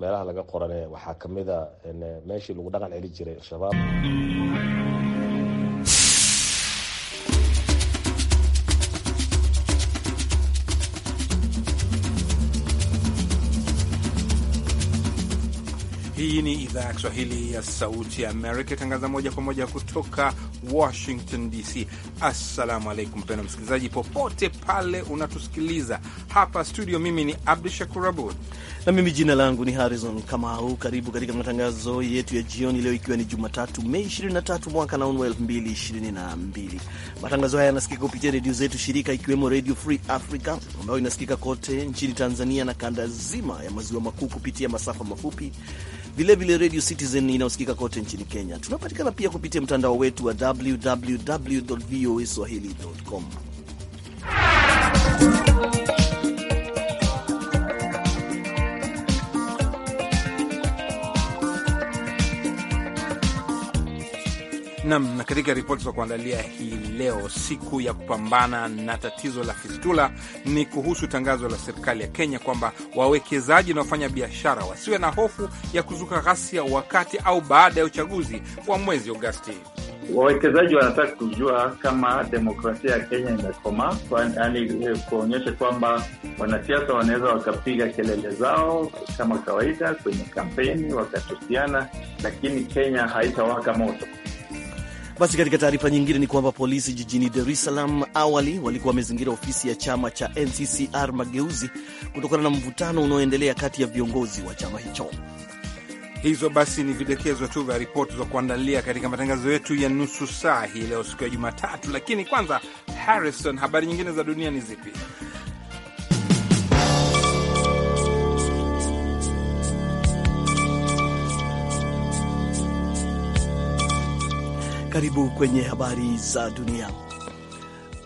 meelaha laga qorane waxaa kamida meeshii lagu dhaqan celi jiray al-shabaab ni idhaa ya Kiswahili ya Sauti ya Amerika itangaza moja kwa moja kutoka Washington DC. Assalamu alaikum mpendwa msikilizaji, popote pale unatusikiliza. Hapa studio, mimi ni Abdu Shakur Abud na mimi jina langu ni Harrison Kamau. Karibu katika matangazo yetu ya jioni leo, ikiwa ni Jumatatu Mei 23 mwaka naunwa 2022. Matangazo haya yanasikika kupitia redio zetu shirika, ikiwemo Redio Free Africa ambayo inasikika kote nchini Tanzania na kanda zima ya maziwa makuu kupitia masafa mafupi vilevile Radio Citizen inayosikika kote nchini Kenya. Tunapatikana pia kupitia mtandao wetu wa www voa swahili.com. Nam, na katika ripoti za kuandalia hii leo, siku ya kupambana na tatizo la fistula, ni kuhusu tangazo la serikali ya Kenya kwamba wawekezaji na wafanya biashara wasiwe na hofu ya kuzuka ghasia wakati au baada ya uchaguzi wa mwezi Agosti. Wawekezaji wanataka kujua kama demokrasia ya Kenya imekomaa, yaani eh, kuonyesha kwamba wanasiasa wanaweza wakapiga kelele zao kama kawaida kwenye kampeni, wakatusiana, lakini Kenya haitawaka moto. Basi katika taarifa nyingine ni kwamba polisi jijini Dar es Salaam awali walikuwa wamezingira ofisi ya chama cha NCCR Mageuzi kutokana na mvutano unaoendelea kati ya viongozi wa chama hicho. Hizo basi ni vidokezo tu vya ripoti za kuandalia katika matangazo yetu ya nusu saa hii leo, siku ya Jumatatu. Lakini kwanza, Harrison, habari nyingine za dunia ni zipi? Karibu kwenye habari za dunia.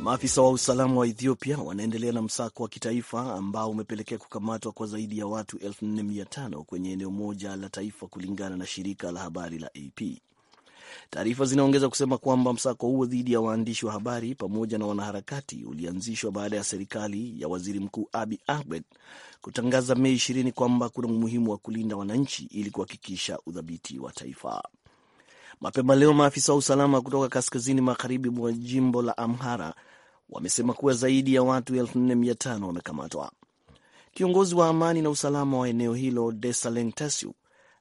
Maafisa wa usalama wa Ethiopia wanaendelea na msako wa kitaifa ambao umepelekea kukamatwa kwa zaidi ya watu 45 kwenye eneo moja la taifa, kulingana na shirika la habari la AP. Taarifa zinaongeza kusema kwamba msako huo dhidi ya waandishi wa habari pamoja na wanaharakati ulianzishwa baada ya serikali ya waziri mkuu Abiy Ahmed kutangaza Mei 20 kwamba kuna umuhimu wa kulinda wananchi ili kuhakikisha udhabiti wa taifa. Mapema leo maafisa wa usalama kutoka kaskazini magharibi mwa jimbo la Amhara wamesema kuwa zaidi ya watu 45 wamekamatwa. Kiongozi wa amani na usalama wa eneo hilo Desaleng Tasu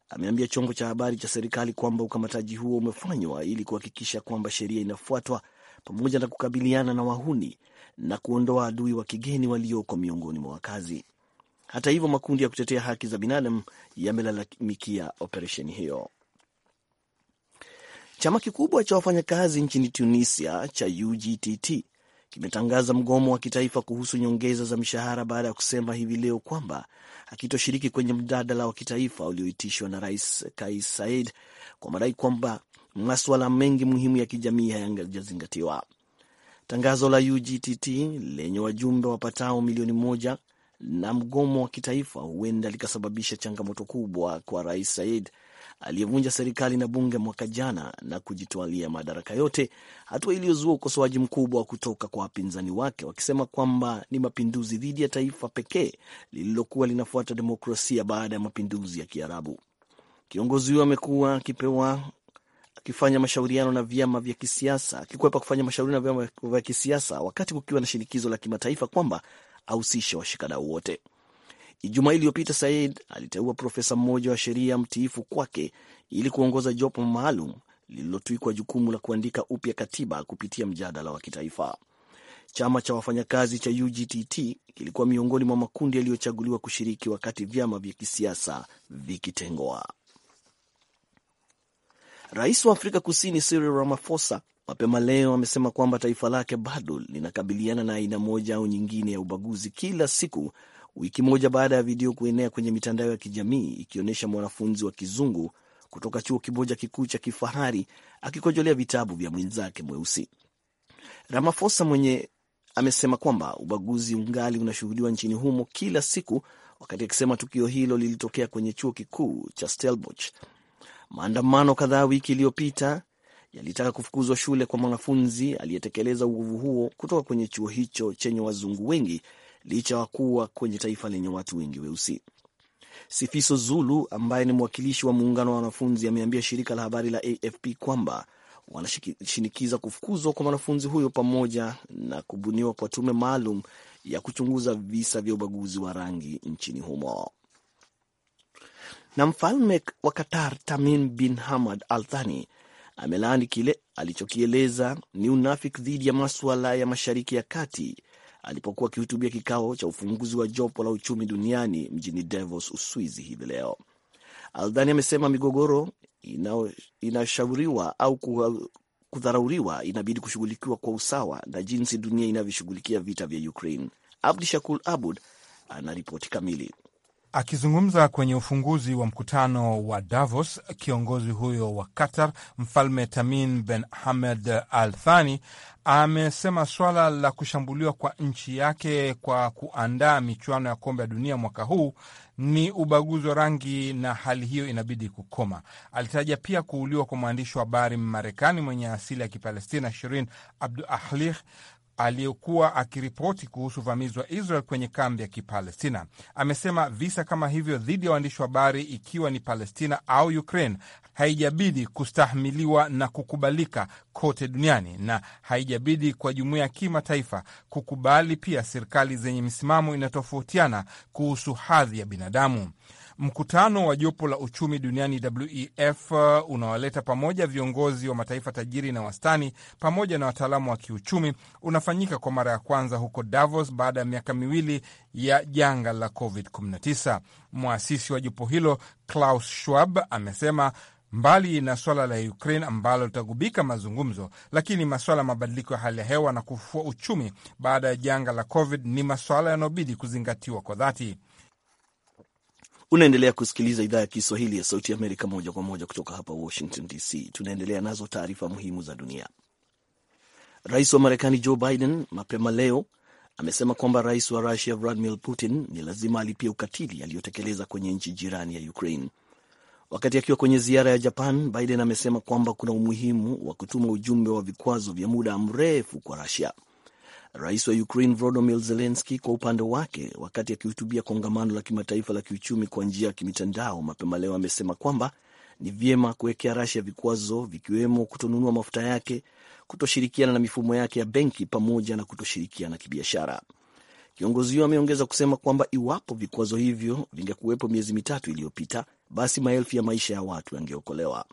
ameambia chombo cha habari cha serikali kwamba ukamataji huo umefanywa ili kuhakikisha kwamba sheria inafuatwa pamoja na kukabiliana na wahuni na kuondoa adui wa kigeni walioko miongoni mwa wakazi. Hata hivyo, makundi ya kutetea haki za binadamu yamelalamikia operesheni hiyo. Chama kikubwa cha wafanyakazi nchini Tunisia cha UGTT kimetangaza mgomo wa kitaifa kuhusu nyongeza za mishahara baada ya kusema hivi leo kwamba hakitoshiriki kwenye mjadala wa kitaifa ulioitishwa na Rais Kais Saied kwa madai kwamba maswala mengi muhimu ya kijamii hayangezingatiwa. Tangazo la UGTT lenye wajumbe wapatao milioni moja na mgomo wa kitaifa huenda likasababisha changamoto kubwa kwa Rais Saied aliyevunja serikali na bunge mwaka jana na kujitwalia madaraka yote, hatua iliyozua ukosoaji mkubwa kutoka kwa wapinzani wake wakisema kwamba ni mapinduzi dhidi ya taifa pekee lililokuwa linafuata demokrasia baada ya mapinduzi ya Kiarabu. Kiongozi huyo amekuwa akipewa akifanya mashauriano na vyama vya kisiasa akikwepa kufanya mashauriano na vyama vya kisiasa wakati kukiwa na shinikizo la kimataifa kwamba ahusishe washikadau wote. Ijumaa iliyopita Said aliteua profesa mmoja wa sheria mtiifu kwake ili kuongoza jopo maalum lililotwikwa jukumu la kuandika upya katiba kupitia mjadala wa kitaifa. Chama cha wafanyakazi cha UGTT kilikuwa miongoni mwa makundi yaliyochaguliwa kushiriki wakati vyama vya kisiasa vikitengwa Rais wa Afrika Kusini Cyril Ramaphosa mapema leo amesema kwamba taifa lake bado linakabiliana na aina moja au nyingine ya ubaguzi kila siku wiki moja baada ya video kuenea kwenye mitandao ya kijamii ikionyesha mwanafunzi wa kizungu kutoka chuo kimoja kikuu cha kifahari akikojolea vitabu vya mwenzake mweusi. Ramafosa mwenye amesema kwamba ubaguzi ungali unashuhudiwa nchini humo kila siku, wakati akisema tukio hilo lilitokea kwenye chuo kikuu cha Stellenbosch. Maandamano kadhaa wiki iliyopita yalitaka kufukuzwa shule kwa mwanafunzi aliyetekeleza uovu huo kutoka kwenye chuo hicho chenye wazungu wengi licha ya kuwa kwenye taifa lenye watu wengi weusi. Sifiso Zulu ambaye ni mwakilishi wa muungano wa wanafunzi ameambia shirika la habari la AFP kwamba wanashinikiza kufukuzwa kwa mwanafunzi huyo pamoja na kubuniwa kwa tume maalum ya kuchunguza visa vya ubaguzi wa rangi nchini humo. Na mfalme wa Qatar Tamim bin Hamad Al Thani amelaani kile alichokieleza ni unafiki dhidi ya maswala ya Mashariki ya Kati alipokuwa akihutubia kikao cha ufunguzi wa jopo la uchumi duniani mjini Davos, Uswizi hivi leo. Aldhani amesema migogoro inashauriwa au kudharauriwa inabidi kushughulikiwa kwa usawa na jinsi dunia inavyoshughulikia vita vya Ukraine. Abdi shakul Abud ana ripoti kamili. Akizungumza kwenye ufunguzi wa mkutano wa Davos, kiongozi huyo wa Qatar, Mfalme Tamim Ben Hamed Al Thani, amesema swala la kushambuliwa kwa nchi yake kwa kuandaa michuano ya kombe ya dunia mwaka huu ni ubaguzi wa rangi na hali hiyo inabidi kukoma. Alitaja pia kuuliwa kwa mwandishi wa habari Marekani mwenye asili ya Kipalestina Shirin Abdu Ahlih, aliyekuwa akiripoti kuhusu uvamizi wa Israel kwenye kambi ya Kipalestina amesema visa kama hivyo dhidi ya waandishi wa habari, ikiwa ni Palestina au Ukraine, haijabidi kustahimiliwa na kukubalika kote duniani na haijabidi kwa jumuiya ya kimataifa kukubali pia serikali zenye misimamo inatofautiana kuhusu hadhi ya binadamu. Mkutano wa jopo la uchumi duniani WEF uh, unawaleta pamoja viongozi wa mataifa tajiri na wastani pamoja na wataalamu wa kiuchumi unafanyika kwa mara ya kwanza huko Davos baada ya miaka miwili ya janga la COVID-19. Mwasisi wa jopo hilo Klaus Schwab amesema mbali na swala la Ukraine ambalo litagubika mazungumzo, lakini maswala ya mabadiliko ya hali ya hewa na kufufua uchumi baada ya janga la COVID ni maswala yanayobidi kuzingatiwa kwa dhati. Unaendelea kusikiliza idhaa ya Kiswahili ya Sauti Amerika moja kwa moja kutoka hapa Washington DC. Tunaendelea nazo taarifa muhimu za dunia. Rais wa Marekani Joe Biden mapema leo amesema kwamba rais wa Rusia Vladimir Putin ni lazima alipie ukatili aliyotekeleza kwenye nchi jirani ya Ukraine. Wakati akiwa kwenye ziara ya Japan, Biden amesema kwamba kuna umuhimu wa kutuma ujumbe wa vikwazo vya muda mrefu kwa Rusia. Rais wa Ukraine Volodymyr Zelensky kwa upande wake, wakati akihutubia kongamano la kimataifa la kiuchumi kwa njia ya kimitandao mapema leo, amesema kwamba ni vyema kuwekea Russia vikwazo vikiwemo kutonunua mafuta yake, kutoshirikiana na mifumo yake ya benki pamoja na kutoshirikiana kibiashara. Kiongozi huyo ameongeza kusema kwamba iwapo vikwazo hivyo vingekuwepo miezi mitatu iliyopita, basi maelfu ya maisha ya watu yangeokolewa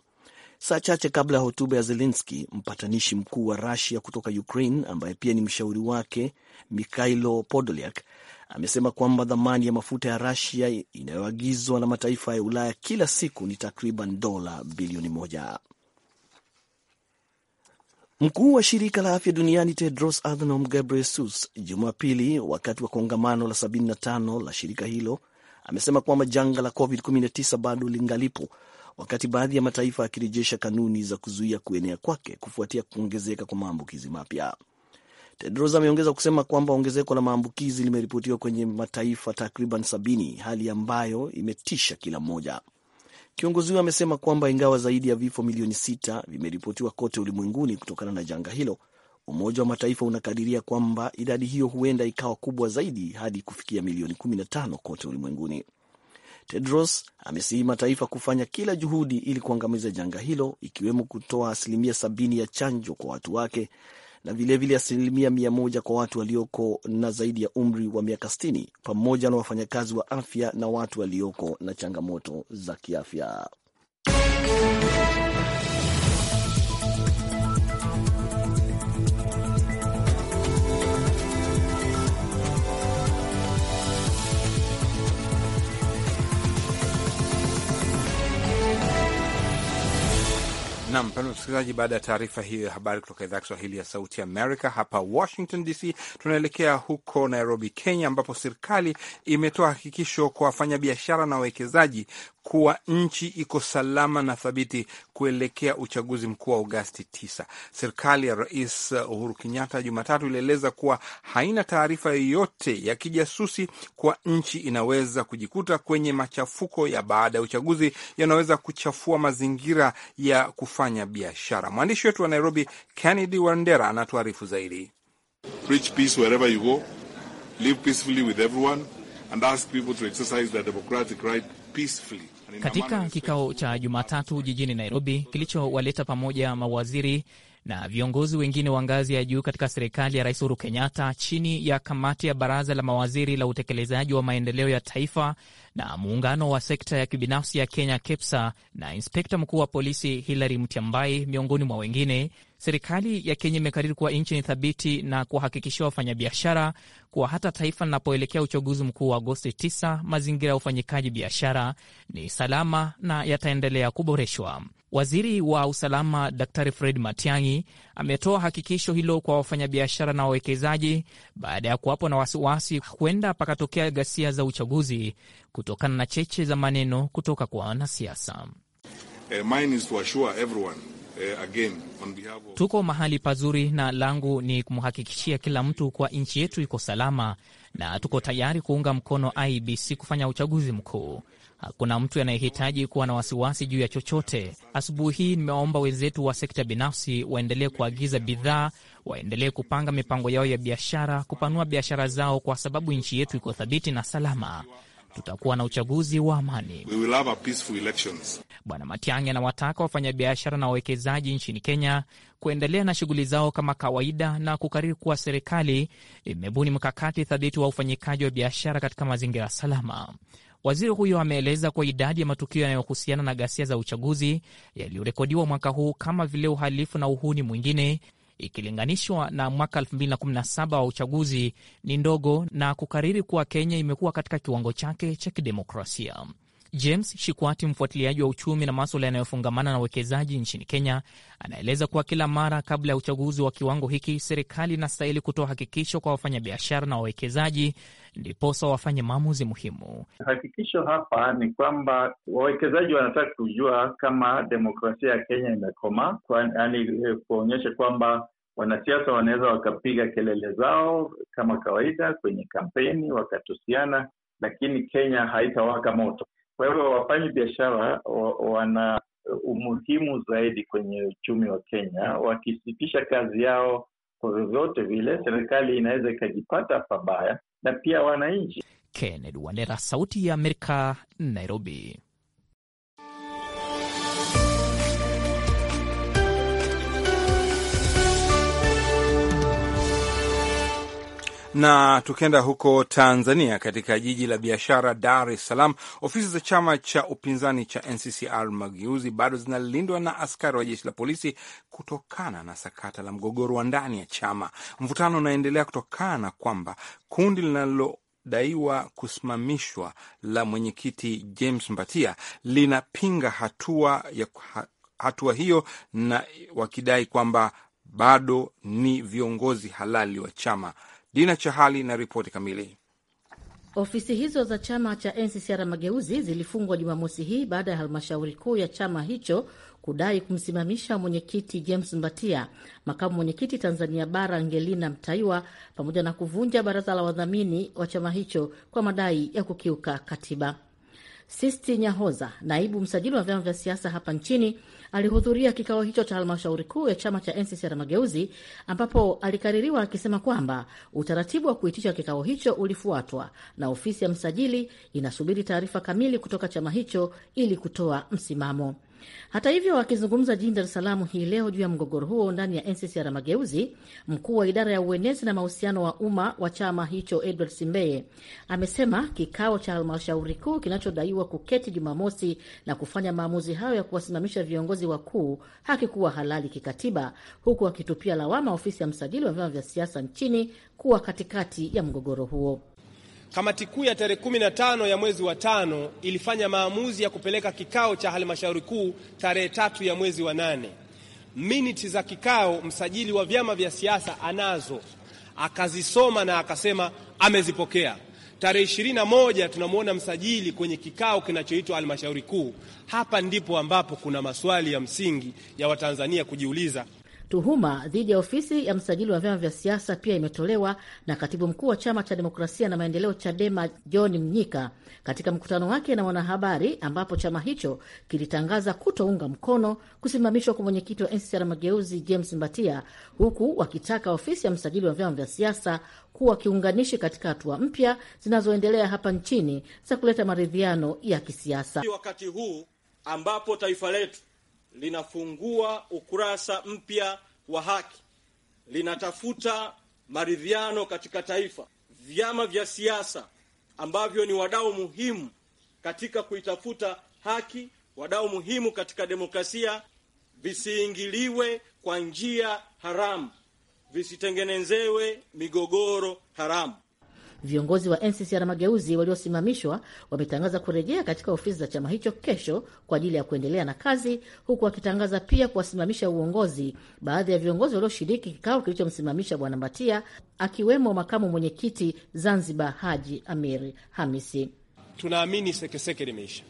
saa chache kabla ya hotuba ya Zelenski, mpatanishi mkuu wa Rusia kutoka Ukraine ambaye pia ni mshauri wake Mikhailo Podolyak amesema kwamba dhamani ya mafuta ya Rusia inayoagizwa na mataifa ya Ulaya kila siku ni takriban dola bilioni moja. Mkuu wa shirika la afya duniani Tedros Adhanom Ghebreyesus Jumapili, wakati wa kongamano la 75 la shirika hilo, amesema kwamba janga la COVID-19 bado lingalipo wakati baadhi ya mataifa yakirejesha kanuni za kuzuia kuenea kwake kufuatia kuongezeka kwa maambukizi mapya. Tedros ameongeza kusema kwamba ongezeko la maambukizi limeripotiwa kwenye mataifa takriban sabini, hali ambayo imetisha kila mmoja. Kiongozi huyo amesema kwamba ingawa zaidi ya vifo milioni sita vimeripotiwa kote ulimwenguni kutokana na janga hilo, Umoja wa Mataifa unakadiria kwamba idadi hiyo huenda ikawa kubwa zaidi hadi kufikia milioni 15 kote ulimwenguni. Tedros amesihi mataifa kufanya kila juhudi ili kuangamiza janga hilo, ikiwemo kutoa asilimia sabini ya chanjo kwa watu wake na vilevile asilimia mia moja kwa watu walioko na zaidi ya umri wa miaka sitini pamoja na wafanyakazi wa afya na watu walioko na changamoto za kiafya. na mpendwa msikilizaji, baada ya taarifa hiyo ya habari kutoka idhaa ya Kiswahili ya Sauti Amerika hapa Washington DC, tunaelekea huko Nairobi, Kenya, ambapo serikali imetoa hakikisho kwa wafanyabiashara na wawekezaji kuwa nchi iko salama na thabiti kuelekea uchaguzi mkuu wa Agosti 9. Serikali ya Rais Uhuru Kenyatta Jumatatu ilieleza kuwa haina taarifa yoyote ya kijasusi kuwa nchi inaweza kujikuta kwenye machafuko ya baada ya uchaguzi yanaweza kuchafua mazingira ya kufu kufanya biashara. Mwandishi wetu wa Nairobi, Kennedy Wandera, anatuarifu zaidi. Preach peace wherever you go. Live peacefully with everyone and ask people to exercise their democratic right peacefully. Katika kikao cha Jumatatu jijini Nairobi kilichowaleta pamoja mawaziri na viongozi wengine wa ngazi ya juu katika serikali ya Rais Uhuru Kenyatta chini ya kamati ya baraza la mawaziri la utekelezaji wa maendeleo ya taifa na muungano wa sekta ya kibinafsi ya Kenya KEPSA na inspekta mkuu wa polisi Hilary Mtiambai miongoni mwa wengine Serikali ya Kenya imekariri kuwa nchi ni thabiti na kuwahakikishia wafanyabiashara kuwa hata taifa linapoelekea uchaguzi mkuu wa Agosti 9 mazingira ya ufanyikaji biashara ni salama na yataendelea kuboreshwa. Waziri wa usalama Daktari Fred Matiang'i ametoa hakikisho hilo kwa wafanyabiashara na wawekezaji baada ya kuwapo na wasiwasi huenda pakatokea ghasia za uchaguzi kutokana na cheche za maneno kutoka kwa wanasiasa. Uh, again, on behalf of... tuko mahali pazuri na langu ni kumhakikishia kila mtu kwa nchi yetu iko salama na tuko tayari kuunga mkono IBC kufanya uchaguzi mkuu. Hakuna mtu anayehitaji kuwa na wasiwasi juu ya chochote. Asubuhi hii nimewaomba wenzetu wa sekta binafsi waendelee kuagiza bidhaa, waendelee kupanga mipango yao ya biashara, kupanua biashara zao, kwa sababu nchi yetu iko thabiti na salama. Tutakuwa na uchaguzi wa amani. We will have a peaceful elections. Bwana Matiang'i anawataka wafanyabiashara na wawekezaji nchini Kenya kuendelea na shughuli zao kama kawaida na kukariri kuwa serikali imebuni mkakati thabiti wa ufanyikaji wa biashara katika mazingira salama. Waziri huyo ameeleza kuwa idadi ya matukio yanayohusiana na ghasia za uchaguzi yaliyorekodiwa mwaka huu kama vile uhalifu na uhuni mwingine ikilinganishwa na mwaka 2017 wa uchaguzi ni ndogo, na kukariri kuwa Kenya imekuwa katika kiwango chake cha kidemokrasia. James Shikwati, mfuatiliaji wa uchumi na maswala yanayofungamana na uwekezaji nchini Kenya, anaeleza kuwa kila mara kabla ya uchaguzi wa kiwango hiki, serikali inastahili kutoa hakikisho kwa wafanyabiashara na wawekezaji, ndiposa wafanye maamuzi muhimu. Hakikisho hapa ni kwamba wawekezaji wanataka kujua kama demokrasia ya Kenya imekoma yaani eh, kuonyesha kwamba wanasiasa wanaweza wakapiga kelele zao kama kawaida kwenye kampeni wakatusiana, lakini Kenya haitawaka moto. Kwa hivyo wafanyi biashara wana umuhimu zaidi kwenye uchumi wa Kenya. Wakisitisha kazi yao kwa vyovyote vile, serikali inaweza ikajipata pabaya na pia wananchi. Kennedy Wandera, Sauti ya Amerika, Nairobi. Na tukienda huko Tanzania, katika jiji la biashara Dar es Salaam, ofisi za chama cha upinzani cha NCCR Mageuzi bado zinalindwa na askari wa jeshi la polisi kutokana na sakata la mgogoro wa ndani ya chama. Mvutano unaendelea kutokana na kwamba kundi linalo daiwa kusimamishwa la mwenyekiti James Mbatia linapinga hatua ya hatua hiyo na wakidai kwamba bado ni viongozi halali wa chama. Dina Chahali na ripoti kamili. Ofisi hizo za chama cha NCCR Mageuzi zilifungwa Jumamosi hii baada ya halmashauri kuu ya chama hicho kudai kumsimamisha mwenyekiti James Mbatia, makamu mwenyekiti Tanzania Bara Angelina Mtaiwa, pamoja na kuvunja baraza la wadhamini wa chama hicho kwa madai ya kukiuka katiba. Sisti Nyahoza, naibu msajili wa vyama vya siasa hapa nchini, alihudhuria kikao hicho cha halmashauri kuu ya chama cha NCCR Mageuzi, ambapo alikaririwa akisema kwamba utaratibu wa kuitisha kikao hicho ulifuatwa na ofisi ya msajili inasubiri taarifa kamili kutoka chama hicho ili kutoa msimamo. Hata hivyo, wakizungumza jijini Dar es Salaam hii leo juu ya mgogoro huo ndani ya NCCR Mageuzi, mkuu wa idara ya uenezi na mahusiano wa umma wa chama hicho Edward Simbeye amesema kikao cha halmashauri kuu kinachodaiwa kuketi Jumamosi na kufanya maamuzi hayo ya kuwasimamisha viongozi wakuu hakikuwa halali kikatiba, huku akitupia lawama ofisi ya msajili wa vyama vya siasa nchini kuwa katikati ya mgogoro huo. Kamati kuu ya tarehe na tano ya mwezi wa tano ilifanya maamuzi ya kupeleka kikao cha halmashauri kuu tarehe tatu ya mwezi wa nane. Miniti za kikao msajili wa vyama vya siasa anazo, akazisoma na akasema amezipokea. Tarehe ishirini na moja tunamwona msajili kwenye kikao kinachoitwa halmashauri kuu. Hapa ndipo ambapo kuna maswali ya msingi ya Watanzania kujiuliza Tuhuma dhidi ya ofisi ya msajili wa vyama vya siasa pia imetolewa na katibu mkuu wa chama cha demokrasia na maendeleo CHADEMA John Mnyika katika mkutano wake na wanahabari, ambapo chama hicho kilitangaza kutounga mkono kusimamishwa kwa mwenyekiti wa NCCR Mageuzi James Mbatia, huku wakitaka ofisi ya msajili wa vyama vya siasa kuwa kiunganishi katika hatua mpya zinazoendelea hapa nchini za kuleta maridhiano ya kisiasa wakati huu ambapo taifa letu linafungua ukurasa mpya wa haki, linatafuta maridhiano katika taifa. Vyama vya siasa ambavyo ni wadau muhimu katika kuitafuta haki, wadau muhimu katika demokrasia, visiingiliwe kwa njia haramu, visitengenezewe migogoro haramu. Viongozi wa NCCR Mageuzi waliosimamishwa wametangaza kurejea katika ofisi za chama hicho kesho kwa ajili ya kuendelea na kazi, huku wakitangaza pia kuwasimamisha uongozi baadhi ya viongozi walioshiriki kikao kilichomsimamisha Bwana Mbatia, akiwemo makamu mwenyekiti Zanzibar Haji Amir Hamisi. Tunaamini sekeseke limeisha.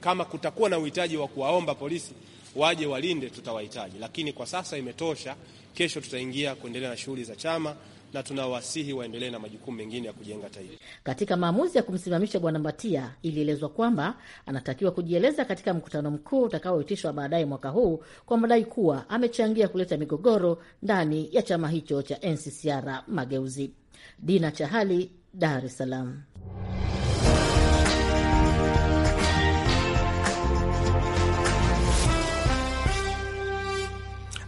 Kama kutakuwa na uhitaji wa kuwaomba polisi waje walinde, tutawahitaji, lakini kwa sasa imetosha. Kesho tutaingia kuendelea na shughuli za chama na tunawasihi waendelee na majukumu mengine ya kujenga taifa. Katika maamuzi ya kumsimamisha Bwana Mbatia, ilielezwa kwamba anatakiwa kujieleza katika mkutano mkuu utakaoitishwa baadaye mwaka huu kwa madai kuwa amechangia kuleta migogoro ndani ya chama hicho cha NCCR Mageuzi. Dina Chahali, Dar es Salaam.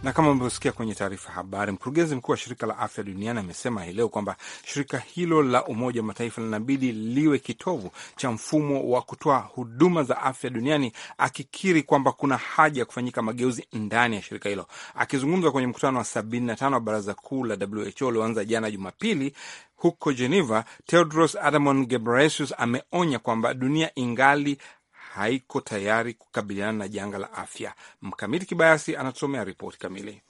Na kama mlivyosikia kwenye taarifa habari, mkurugenzi mkuu wa shirika la afya duniani amesema hii leo kwamba shirika hilo la Umoja wa Mataifa linabidi liwe kitovu cha mfumo wa kutoa huduma za afya duniani, akikiri kwamba kuna haja ya kufanyika mageuzi ndani ya shirika hilo. Akizungumza kwenye mkutano wa 75 wa baraza kuu la WHO ulioanza jana Jumapili huko Geneva, Tedros Adhanom Ghebreyesus ameonya kwamba dunia ingali haiko tayari kukabiliana na janga la afya. Mkamiti Kibayasi anatusomea ripoti kamili.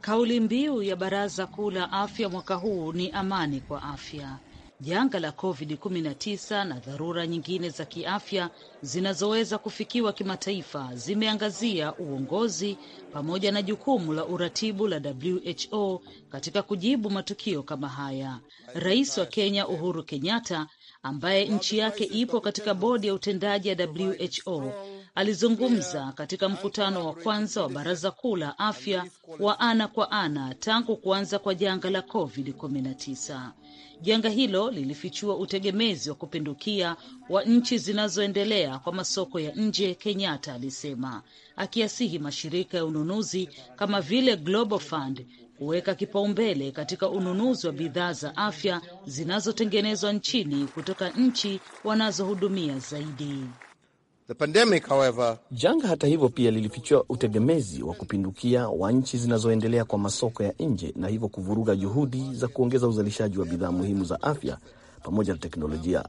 Kauli mbiu ya Baraza Kuu la Afya mwaka huu ni amani kwa afya. Janga la COVID-19 na dharura nyingine za kiafya zinazoweza kufikiwa kimataifa zimeangazia uongozi pamoja na jukumu la uratibu la WHO katika kujibu matukio kama haya. Rais wa Kenya Uhuru Kenyatta ambaye nchi yake ipo katika bodi ya utendaji ya WHO alizungumza katika mkutano wa kwanza wa Baraza Kuu la Afya wa ana kwa ana tangu kuanza kwa janga la COVID-19. Janga hilo lilifichua utegemezi wa kupindukia wa nchi zinazoendelea kwa masoko ya nje, Kenyatta alisema, akiasihi mashirika ya ununuzi kama vile Global Fund kuweka kipaumbele katika ununuzi wa bidhaa za afya zinazotengenezwa nchini kutoka nchi wanazohudumia zaidi. The pandemic, however... janga hata hivyo pia lilifichua utegemezi wa kupindukia wa nchi zinazoendelea kwa masoko ya nje na hivyo kuvuruga juhudi za kuongeza uzalishaji wa bidhaa muhimu za afya pamoja na teknolojia.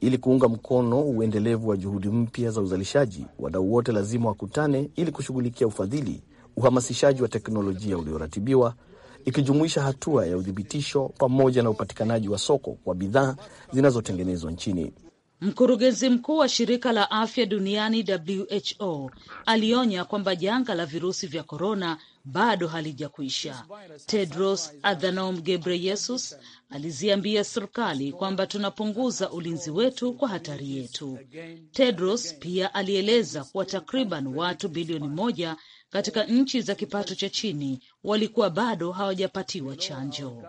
Ili kuunga mkono uendelevu wa juhudi mpya za uzalishaji, wadau wote lazima wakutane ili kushughulikia ufadhili uhamasishaji wa teknolojia ulioratibiwa ikijumuisha hatua ya uthibitisho pamoja na upatikanaji wa soko kwa bidhaa zinazotengenezwa nchini. Mkurugenzi mkuu wa shirika la afya duniani WHO alionya kwamba janga la virusi vya korona bado halijakwisha. Tedros Adhanom Ghebreyesus aliziambia serikali kwamba tunapunguza ulinzi wetu kwa hatari yetu. Tedros pia alieleza kuwa takriban watu bilioni moja katika nchi za kipato cha chini walikuwa bado hawajapatiwa chanjo.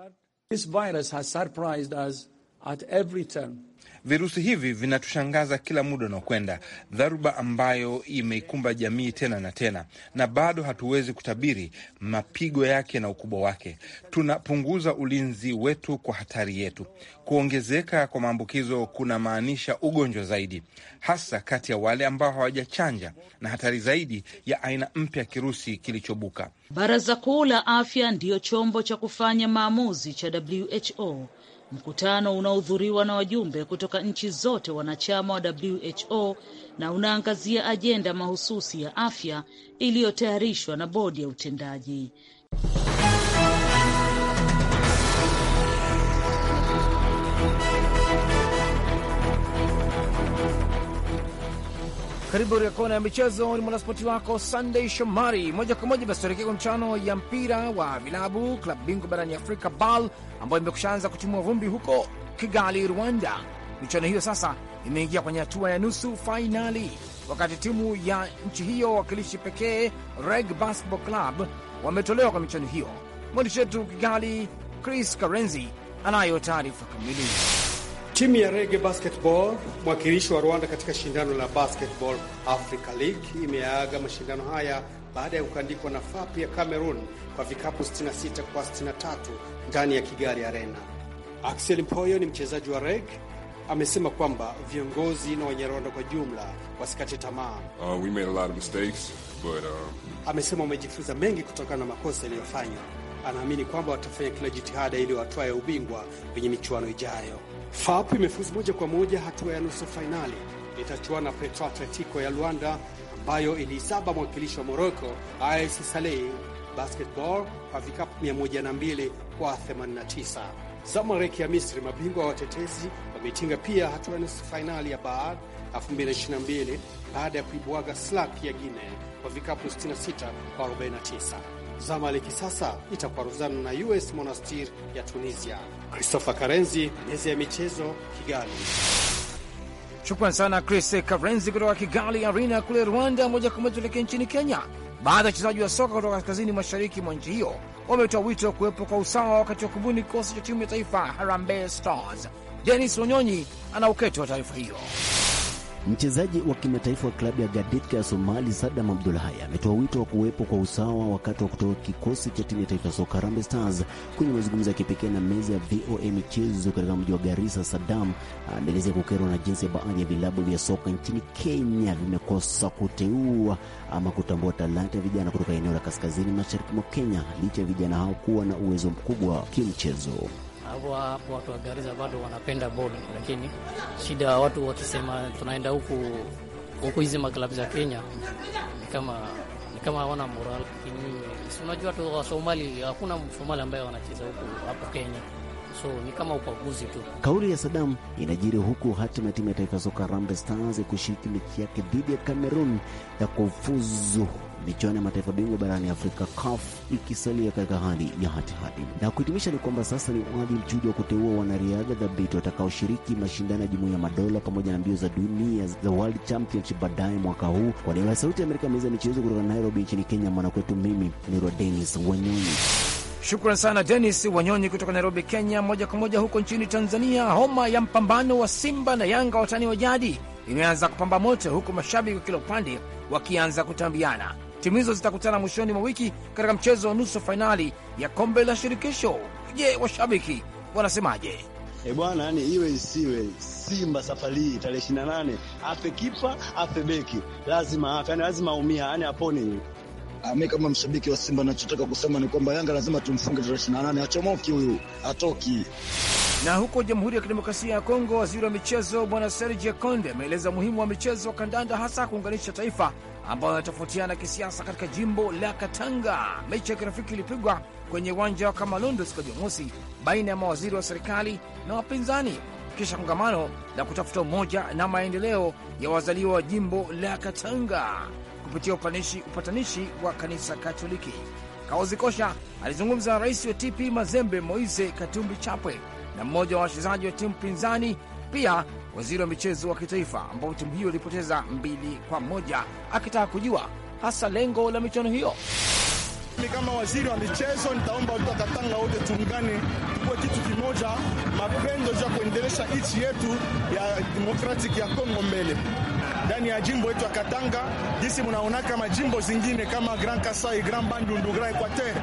This virus has surprised us at every turn. Virusi hivi vinatushangaza kila muda unaokwenda, dharuba ambayo imeikumba jamii tena na tena, na bado hatuwezi kutabiri mapigo yake na ukubwa wake. Tunapunguza ulinzi wetu kwa hatari yetu. Kuongezeka kwa maambukizo kunamaanisha ugonjwa zaidi, hasa kati ya wale ambao hawajachanja, na hatari zaidi ya aina mpya ya kirusi kilichobuka. Baraza Kuu la Afya ndiyo chombo cha kufanya maamuzi cha WHO mkutano unaohudhuriwa na wajumbe kutoka nchi zote wanachama wa WHO na unaangazia ajenda mahususi ya afya iliyotayarishwa na bodi ya utendaji. Karibu katika kona ya michezo, ni mwanaspoti wako Sunday Shomari. Moja kwa moja basi tuelekea kwa mchano ya mpira wa vilabu klabu bingwa barani Afrika BAL ambayo imekushaanza kutimua vumbi huko Kigali, Rwanda. Michano hiyo sasa imeingia kwenye hatua ya nusu fainali, wakati timu ya nchi hiyo wakilishi pekee Reg Basketball Club wametolewa kwa michano hiyo. Mwandishi wetu Kigali, Chris Karenzi, anayo taarifa kamili. Timu ya Rege Basketball, mwakilishi wa Rwanda katika shindano la Basketball Africa League, imeaga mashindano haya baada ya kukandikwa na fapi ya Cameroon kwa vikapu 66 kwa 63 ndani ya Kigali Arena. Axel Mpoyo ni mchezaji wa Reg amesema kwamba viongozi na Wanyarwanda kwa jumla wasikate tamaa. Uh, we made a lot of mistakes, but, uh... amesema wamejifunza mengi kutokana na makosa yaliyofanywa. Anaamini kwamba watafanya kila jitihada ili watwaye ubingwa kwenye michuano ijayo. FAP imefuzu moja kwa moja hatua ya nusu fainali itachuana Petro Atletico ya Luanda ambayo iliisaba mwakilishi wa moroko AS Salei basketball kwa vikapu 102 kwa 89. Zamalek ya Misri, mabingwa wa watetezi, wametinga pia hatua ya nusu fainali ya Baad 2022 baada ya kuibwaga Slak ya guine kwa vikapu 66 kwa 49. Zamalek sasa itakwaruzana na US Monastir ya Tunisia. Christopher Karenzi, mezi ya michezo, Kigali. Shukran sana Chris Karenzi kutoka Kigali Arena kule Rwanda. Moja kwa moja tuelekee nchini Kenya. Baadhi ya wachezaji wa soka kutoka kaskazini mashariki mwa nchi hiyo wametoa wito kuwepo kwa usawa wakati wa kubuni kikosi cha timu ya taifa Harambee Stars. Denis Wanyonyi ana uketo wa taarifa hiyo. Mchezaji wa kimataifa wa klabu ya Gaditka ya Somali, Sadam Abdulhaya, ametoa wito wa kuwepo kwa usawa wakati wa kutoka kikosi cha timu ya taifa soka Harambee Stars kwenye mazungumzo ya kipekee na meza ya VOA michezo katika mji wa Garissa. Sadam ameelezea kukerwa na jinsi ya baadhi ya vilabu vya soka nchini Kenya vimekosa kuteua ama kutambua talanta ya vijana kutoka eneo la kaskazini mashariki mwa Kenya licha ya vijana hao kuwa na uwezo mkubwa kimchezo kuwa hapo watu wa Garissa bado wanapenda boli, lakini shida watu wakisema tunaenda huku huku, hizi maklabu za Kenya ni kama ni kama hawana moral, lakini unajua tu Wasomali, hakuna Somali ambaye wanacheza huku hapo Kenya so ni kama upaguzi tu. Kauli ya sadamu inajiri huku hatima timu ya taifa soka Harambee Stars kushiriki mechi yake dhidi ya Cameroon ya kufuzu michuano ya mataifa bingwa barani Afrika CAF ikisalia katika hali ya hatihati. Na kuhitimisha ni kwamba sasa ni wadi mchujo wa kuteua wanariadha dhabiti watakaoshiriki mashindano ya Jumuiya ya Madola pamoja na mbio za dunia za World Championship baadaye mwaka huu. Kwa niaba ya Sauti ya Amerika, meza michezo kutoka Nairobi nchini Kenya, mwanakwetu mimi ni Rodenis Wanyonyi. Shukran sana Denis Wanyonyi kutoka Nairobi, Kenya. Moja kwa moja huko nchini Tanzania, homa ya mpambano wa Simba na Yanga watani wa jadi imeanza kupamba moto, huku mashabiki wa kila upande wakianza kutambiana. Timu hizo zitakutana mwishoni mwa wiki katika mchezo wa nusu fainali ya kombe la shirikisho. Je, washabiki wanasemaje? E bwana, yani iwe isiwe, Simba safari hii tarehe 28 afe kipa afe beki, lazima afe, yani lazima aumia, yani aponi Ah, mi kama mshabiki wa Simba nachotaka kusema ni kwamba Yanga lazima tumfunge tarehe nane. achomoki huyu, atoki. Na huko Jamhuri ya Kidemokrasia ya Kongo, waziri wa michezo Bwana Serge Konde ameeleza umuhimu wa michezo wa kandanda, hasa kuunganisha taifa ambayo inatofautiana kisiasa katika jimbo la Katanga. Mechi ya kirafiki ilipigwa kwenye uwanja wa Kamalondo siku ya Jumamosi baina ya mawaziri wa serikali na wapinzani kisha kongamano la kutafuta umoja na maendeleo ya wazaliwa wa jimbo la Katanga kupitia upatanishi, upatanishi wa kanisa Katoliki. Kaozi Kosha alizungumza na rais wa TP Mazembe Moise Katumbi Chapwe na mmoja wa wachezaji wa timu pinzani, pia waziri wa michezo wa kitaifa, ambao timu hiyo ilipoteza mbili kwa moja, akitaka kujua hasa lengo la michuano hiyo. Kama waziri wa michezo, nitaomba watu wakatanga wote tuungane, tukuwe kitu kimoja, mapendo ya kuendelesha nchi yetu ya Demokratik ya Kongo mbele ndani ya jimbo yetu ya Katanga, jinsi mnaonaka majimbo zingine kama Grand Kasai, Grand Bandundu, Grand Equateur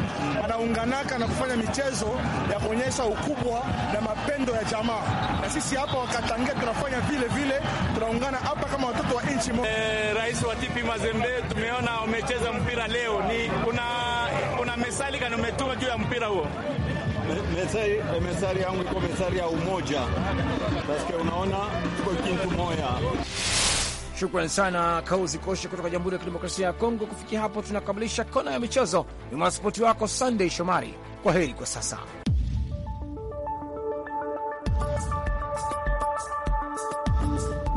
wanaunganaka na kufanya michezo ya kuonyesha ukubwa na mapendo ya jamaa, na sisi hapa Wakatangia tunafanya vile vile, tunaungana hapa kama watoto wa nchi moja. Eh, rais wa TP Mazembe tumeona wamecheza mpira leo, ni kuna kuna mesali kana umetuma juu ya mpira huo Mesari, mesari eh, yangu iko mesari ya umoja paske unaona tuko kitu moya. Shukran sana Kauzi Koshe kutoka Jamhuri ya Kidemokrasia ya Kongo. Kufikia hapo, tunakamilisha kona ya michezo. Ni mwanaspoti wako Sandey Shomari. Kwa heri kwa sasa.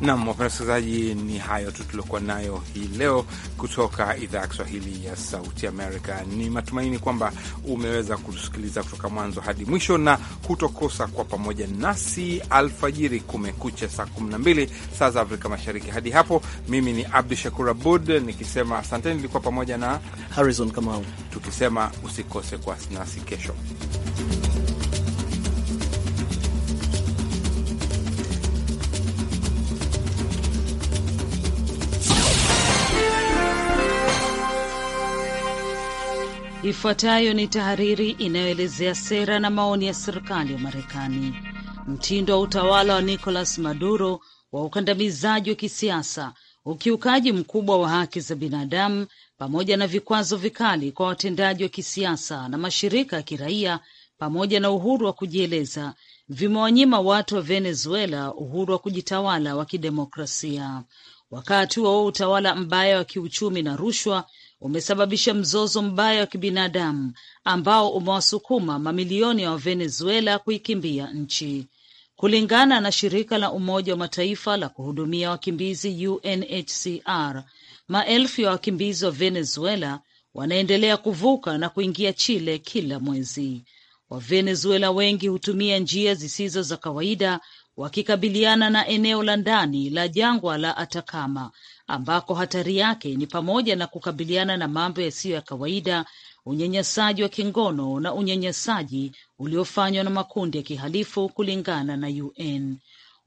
Nam, wapenda wasikilizaji, ni hayo tu tuliokuwa nayo hii leo kutoka idhaa ya Kiswahili ya Sauti Amerika. Ni matumaini kwamba umeweza kutusikiliza kutoka mwanzo hadi mwisho na hutokosa kwa pamoja nasi alfajiri, kumekucha saa 12 saa za Afrika Mashariki. Hadi hapo, mimi ni Abdu Shakur Abud nikisema asanteni, nilikuwa pamoja na Harrison Kamau tukisema usikose kwa nasi kesho. Ifuatayo ni tahariri inayoelezea sera na maoni ya serikali ya Marekani. Mtindo wa utawala wa Nicolas Maduro wa ukandamizaji wa kisiasa, ukiukaji mkubwa wa haki za binadamu, pamoja na vikwazo vikali kwa watendaji wa kisiasa na mashirika ya kiraia, pamoja na uhuru wa kujieleza, vimewanyima watu wa Venezuela uhuru wa kujitawala wa kidemokrasia. Wakati wa utawala mbaya wa kiuchumi na rushwa umesababisha mzozo mbaya wa kibinadamu ambao umewasukuma mamilioni ya wa Wavenezuela kuikimbia nchi. Kulingana na shirika la Umoja wa Mataifa la kuhudumia wakimbizi UNHCR, maelfu ya wakimbizi wa Venezuela wanaendelea kuvuka na kuingia Chile kila mwezi. Wavenezuela wengi hutumia njia zisizo za kawaida wakikabiliana na eneo la ndani la jangwa la Atakama ambako hatari yake ni pamoja na kukabiliana na mambo yasiyo ya kawaida, unyanyasaji wa kingono na unyanyasaji uliofanywa na makundi ya kihalifu, kulingana na UN.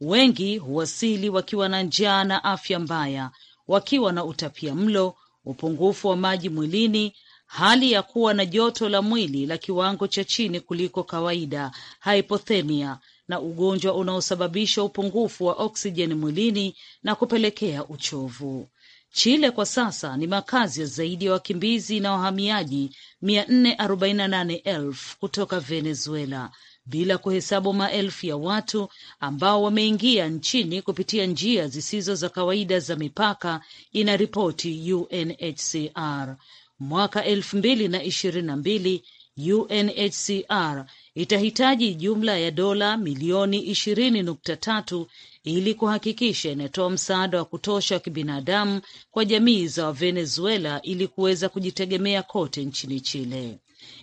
Wengi huwasili wakiwa na njaa na afya mbaya, wakiwa na utapia mlo, upungufu wa maji mwilini hali ya kuwa na joto la mwili la kiwango cha chini kuliko kawaida, hypothermia, na ugonjwa unaosababisha upungufu wa oksijeni mwilini na kupelekea uchovu. Chile kwa sasa ni makazi ya zaidi ya wa wakimbizi na wahamiaji 448,000 kutoka Venezuela, bila kuhesabu maelfu ya watu ambao wameingia nchini kupitia njia zisizo za kawaida za mipaka, inaripoti UNHCR. Mwaka elfu mbili na ishirini na mbili UNHCR itahitaji jumla ya dola milioni ishirini nukta tatu ili kuhakikisha inatoa msaada wa kutosha wa kibinadamu kwa jamii za Wavenezuela ili kuweza kujitegemea kote nchini Chile.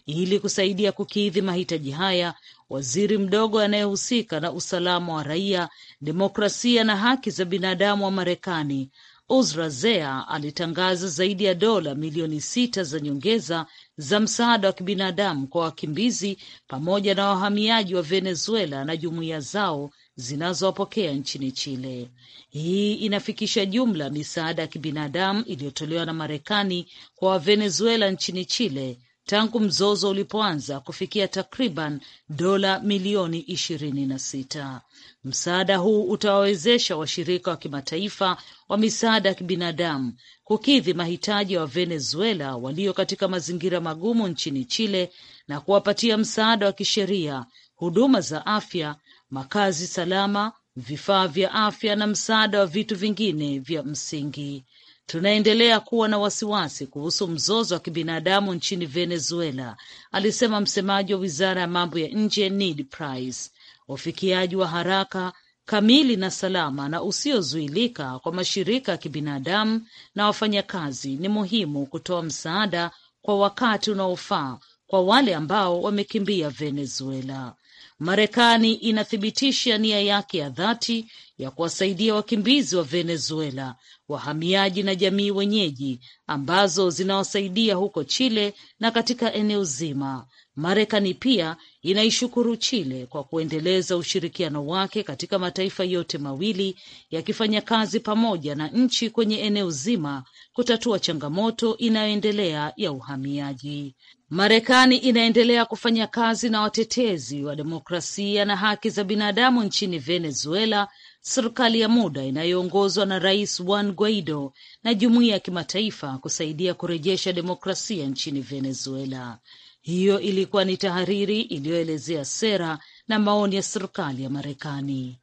Ili kusaidia kukidhi mahitaji haya, waziri mdogo anayehusika na usalama wa raia, demokrasia na haki za binadamu wa Marekani Uzra Zea alitangaza zaidi ya dola milioni sita za nyongeza za msaada wa kibinadamu kwa wakimbizi pamoja na wahamiaji wa Venezuela na jumuiya zao zinazowapokea nchini Chile. Hii inafikisha jumla misaada ya kibinadamu iliyotolewa na Marekani kwa Wavenezuela nchini Chile tangu mzozo ulipoanza kufikia takriban dola milioni ishirini na sita. Msaada huu utawawezesha washirika wa kimataifa wa misaada ya kibinadamu kukidhi mahitaji ya wa Venezuela walio katika mazingira magumu nchini Chile na kuwapatia msaada wa kisheria, huduma za afya, makazi salama, vifaa vya afya na msaada wa vitu vingine vya msingi tunaendelea kuwa na wasiwasi kuhusu mzozo wa kibinadamu nchini Venezuela, alisema msemaji wa wizara ya mambo ya nje Ned Price. Ufikiaji wa haraka kamili na salama na usiozuilika kwa mashirika ya kibinadamu na wafanyakazi ni muhimu kutoa msaada kwa wakati unaofaa kwa wale ambao wamekimbia Venezuela. Marekani inathibitisha nia yake ya dhati ya kuwasaidia wakimbizi wa Venezuela, wahamiaji na jamii wenyeji ambazo zinawasaidia huko Chile na katika eneo zima. Marekani pia inaishukuru Chile kwa kuendeleza ushirikiano wake katika mataifa yote mawili yakifanya kazi pamoja na nchi kwenye eneo zima kutatua changamoto inayoendelea ya uhamiaji. Marekani inaendelea kufanya kazi na watetezi wa demokrasia na haki za binadamu nchini Venezuela serikali ya muda inayoongozwa na Rais Juan Guaido na jumuiya ya kimataifa kusaidia kurejesha demokrasia nchini Venezuela. Hiyo ilikuwa ni tahariri iliyoelezea sera na maoni ya serikali ya Marekani.